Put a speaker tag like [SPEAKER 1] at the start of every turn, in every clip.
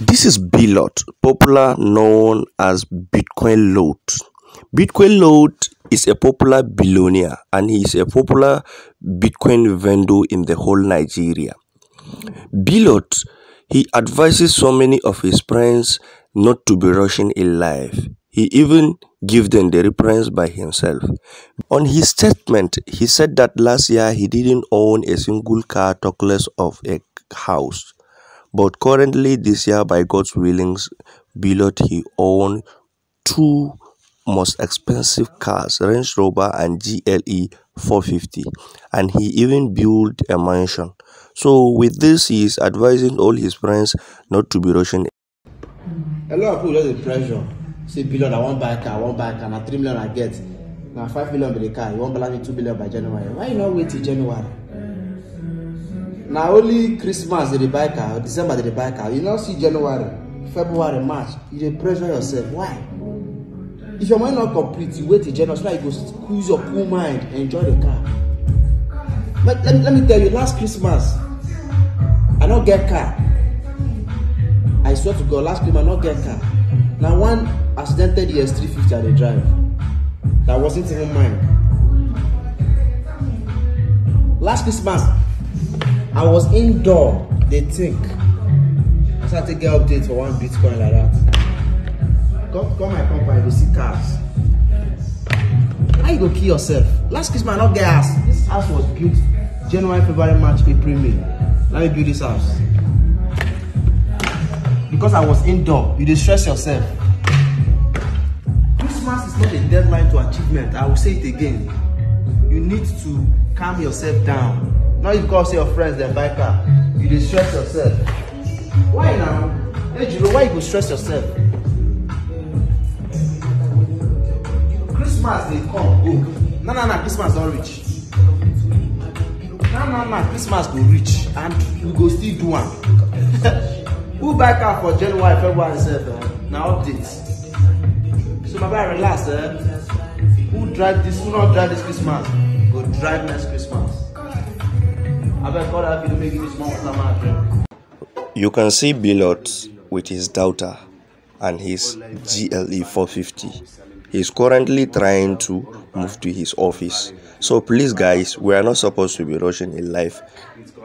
[SPEAKER 1] This is BLOT, popular known as Bitcoin Lot. Bitcoin Lot is a popular billionaire and he is a popular Bitcoin vendor in the whole Nigeria. BLOT, he advises so many of his friends not to be rushing in life. He even gave them the reference by himself. On his statement, he said that last year he didn't own a single car talkless of a house. But currently this year by God's willings, Beloit he own two most expensive cars Range Rover and GLE 450 and he even built a mansion. So with this he is advising all his friends not to be rushing.
[SPEAKER 2] A lot of people get the pressure. Say Beloit I want buy car, I want buy car, na 3 million I get. Now 5 million by the car, you want me 2 million by January. Why you not wait till January? na only christmas dey dey car, cow december dey dey buy cow you no see january february march you dey pressure yourself why if your money no complete you wait till january so that you go squeeze your cool mind enjoy the car But let, me, let me tell you last christmas i no get car i swear to god last christmas i no get car na one accidented es350 i dey drive that wasnt even mine last christmas I was indoor, they think. I started to get updates for one Bitcoin like that. Come, come my company, they see cars. How you go kill yourself? Last Christmas, I not get house. This house was built January, February, March, April, May. Let me build this house. Because I was indoor, you distress yourself. Christmas is not a deadline to achievement. I will say it again. You need to calm yourself down. Now you call say your friends then buy car. You dey stress yourself. Why now? Hey Jiro, why you go stress yourself? Christmas dey come go. Na na na Christmas don reach. Na na na Christmas go reach and we go still do one. Who buy car for January, February and Eh? Now update. So my boy relax. Eh? Who drive this? Who not drive this Christmas? Go drive next Christmas.
[SPEAKER 1] You can see Bilot with his daughter and his GLE 450. He's currently trying to move to his office. So please guys, we are not supposed to be rushing in life.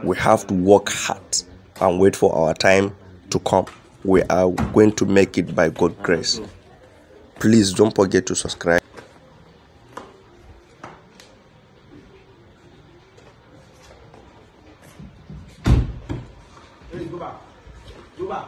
[SPEAKER 1] We have to work hard and wait for our time to come. We are going to make it by God's grace. Please don't forget to subscribe.
[SPEAKER 2] 九百。